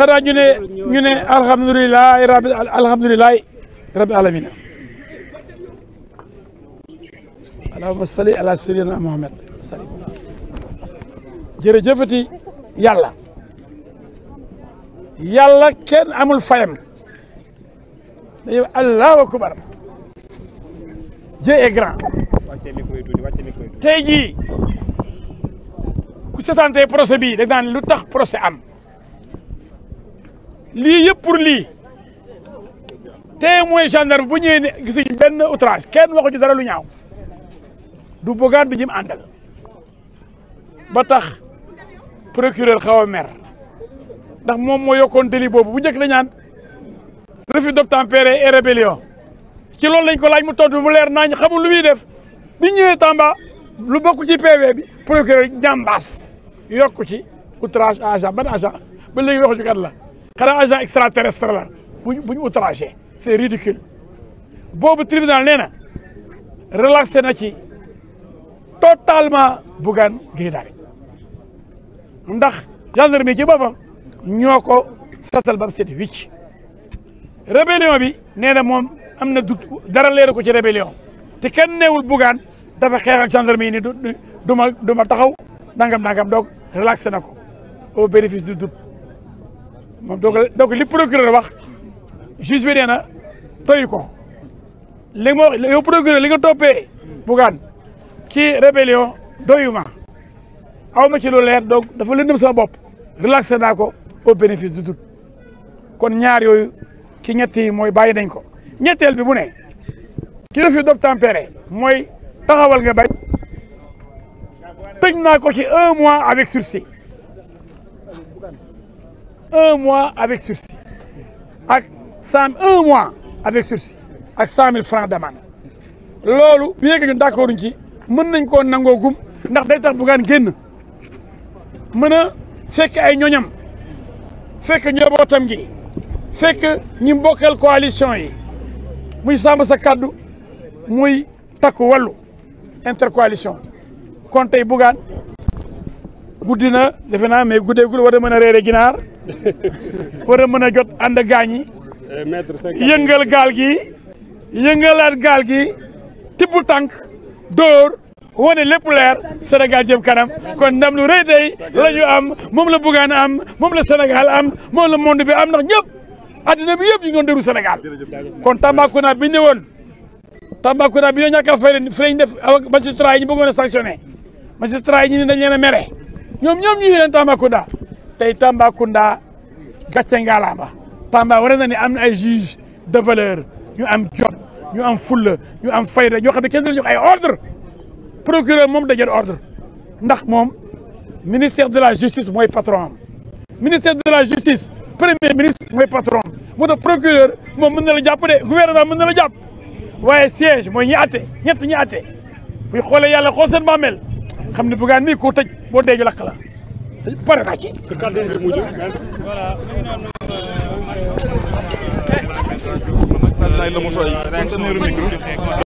xanaa ñu ne ñu ne alhamdulilah rabi alhamdulilah rabi alamin allahumma salli ala sayyidina Muhammad salli jërëjëfati yàlla yàlla kenn amul fayam dañuy allahu akbar Dieu est grand tey jii ku seetaantee procès bii dag naan lu tax procès am lii yëpp pour lii tey mooy gendarme bu ñëwee ne gisuñ benn outrage kenn waxu ci dara lu ñaaw du Bougane du jëm àndal ba tax procureur xaw mer ndax moom moo yokkoon délit boobu bu njëkk dañu naan refus d'obtempérer et rébellion ci loolu lañ ko laaj mu tontu mu leer naañ xamul lu muy def bi ñëwee Tamba lu bokk ci PV bi procureur jàmbaas yokku ci outrage à agent ban agent ba léegi waxu ju la xanaa agent extraterrestre la buñ buñ outragé c'est ridicule boobu tribunal nee na relaxé na ci totalement Bougane Gueye Dany ndax gendarmerie ci boppam ñoo ko satal ba mu set wicc rébellion bi nee na moom am na dut dara leeru ko ci rébellion te kenn neewul Bougane dafa xeex ak gendarmerie ni du du taxaw nangam nangam donc relaxé na ko au bénéfice du doute moom donc donc li procureur wax juge bi nee na toy ko li ma yow procureur li nga toppee bugaan ci rébellion doyuma aw ma ci lu leer donc dafa lëndëm sama bopp relaxé naa ko au bénéfice du doute kon ñaar yooyu ci ñett mooy bàyyi nañ ko ñetteel bi bu ne ki refus d'obtempérer mooy taxawal nga bañ tëj naa ko ci un mois avec sursis un mois avec sursis ak cent un mois avec sursis ak cent mille francs loolu bien que ñun d'accord ñu ci mën nañ koo nangoo gum ndax day tax bugaan génn mën a fekk ay ñoñam fekk njabootam gi fekk ñi bokkal coalition yi muy sàmm sa kàddu muy takku wàllu intercoalition kon tey bugaan guddi na defe naa mais guddeegul war a mën a reere ginaar war a mën a jot ànd gaañ yi euh, yëngal gaal gi yëngalaat gaal gi tibb tànk door wane lépp leer Sénégal jëm kanam kon ndam lu rëy tey la am moom la Bougane am moom la Sénégal am moom la monde bi am ndax ñëpp addina bi yëpp ñu ngi doon dëru Sénégal kon Tambacounda bi ñëwoon Tambacounda woon ñoo ñàkk a fay leen fi lañ def magistrat yi ñu bëggoon a sanctionné magistrat ñi ñu ne dañ leen a mere ñoom ñoom ñu ngi leen Tambacounda tey Tambacounda gàcce ngaalaama Tamba war na ne am na ay juge de valeur ñu am jot ñu am fulla ñu am fayda ñoo xam ne kenn du jox ay ordre procureur moom da jël ordre ndax moom ministère de la justice mooy patron am ministère de la justice premier ministre mooy patron am moo tax procureur moom mën na la jàpp de gouvernement mën na la jàpp waaye siège mooy ñi àtte ñett ñi àtte bu xoolee yàlla xool seen bàmmeel xam ne bugaan mii koo tëj boo dee ñu lakk la pare naa ci. voilà.